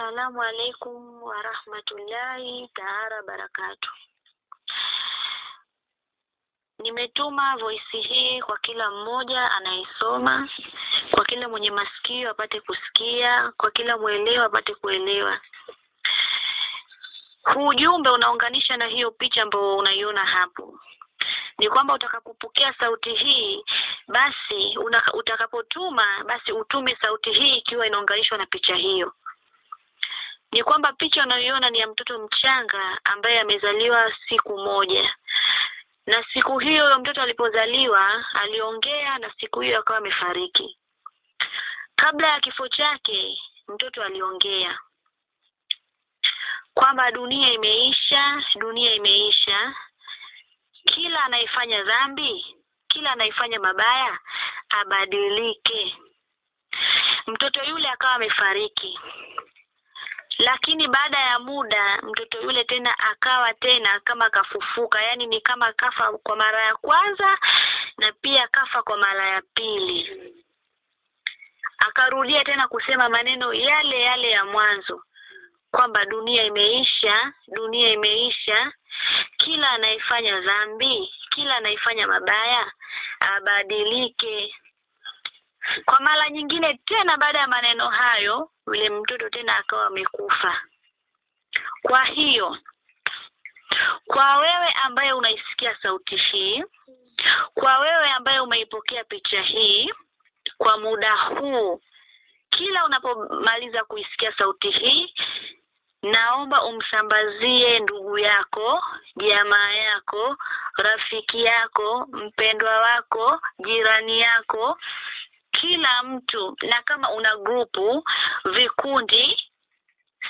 Assalamu alaikum warahmatullahi taala barakatu. Nimetuma voisi hii kwa kila mmoja anayesoma, kwa kila mwenye masikio apate kusikia, kwa kila mwelewa apate kuelewa. Huu ujumbe unaunganisha na hiyo picha ambayo unaiona hapo ni kwamba utakapopokea sauti hii basi una, utakapotuma basi utume sauti hii ikiwa inaunganishwa na picha hiyo ni kwamba picha unayoiona ni ya mtoto mchanga ambaye amezaliwa siku moja na siku hiyo huyo mtoto alipozaliwa aliongea na siku hiyo akawa amefariki. Kabla ya kifo chake mtoto aliongea kwamba dunia imeisha, dunia imeisha. Kila anayefanya dhambi, kila anayefanya mabaya abadilike. Mtoto yule akawa amefariki. Lakini baada ya muda mtoto yule tena akawa tena kama kafufuka, yaani ni kama kafa kwa mara ya kwanza na pia kafa kwa mara ya pili. Akarudia tena kusema maneno yale yale ya mwanzo kwamba dunia imeisha, dunia imeisha. Kila anayefanya dhambi, kila anayefanya mabaya abadilike. Kwa mara nyingine tena baada ya maneno hayo yule mtoto tena akawa amekufa. Kwa hiyo kwa wewe ambaye unaisikia sauti hii, kwa wewe ambaye umeipokea picha hii kwa muda huu, kila unapomaliza kuisikia sauti hii, naomba umsambazie ndugu yako, jamaa yako, rafiki yako, mpendwa wako, jirani yako kila mtu, na kama una grupu, vikundi,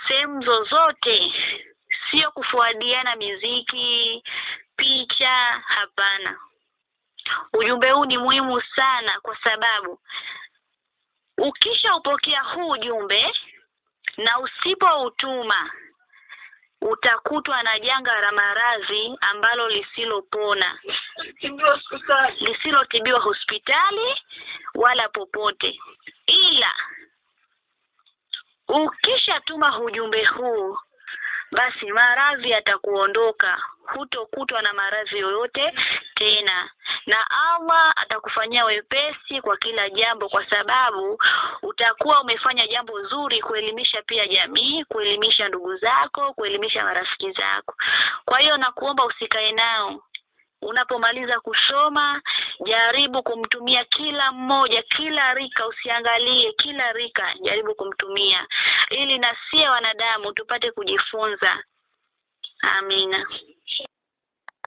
sehemu zozote, sio kufuadiana miziki, picha, hapana. Ujumbe huu ni muhimu sana, kwa sababu ukishaupokea huu ujumbe na usipoutuma utakutwa na janga la maradhi ambalo lisilopona lisilotibiwa hospitali wala popote, ila ukishatuma ujumbe huu basi maradhi atakuondoka, hutokutwa na maradhi yoyote tena, na Allah atakufanyia wepesi kwa kila jambo, kwa sababu utakuwa umefanya jambo zuri, kuelimisha pia jamii, kuelimisha ndugu zako, kuelimisha marafiki zako. Kwa hiyo nakuomba usikae nao unapomaliza kusoma jaribu kumtumia kila mmoja kila rika usiangalie kila rika jaribu kumtumia ili na sie wanadamu tupate kujifunza amina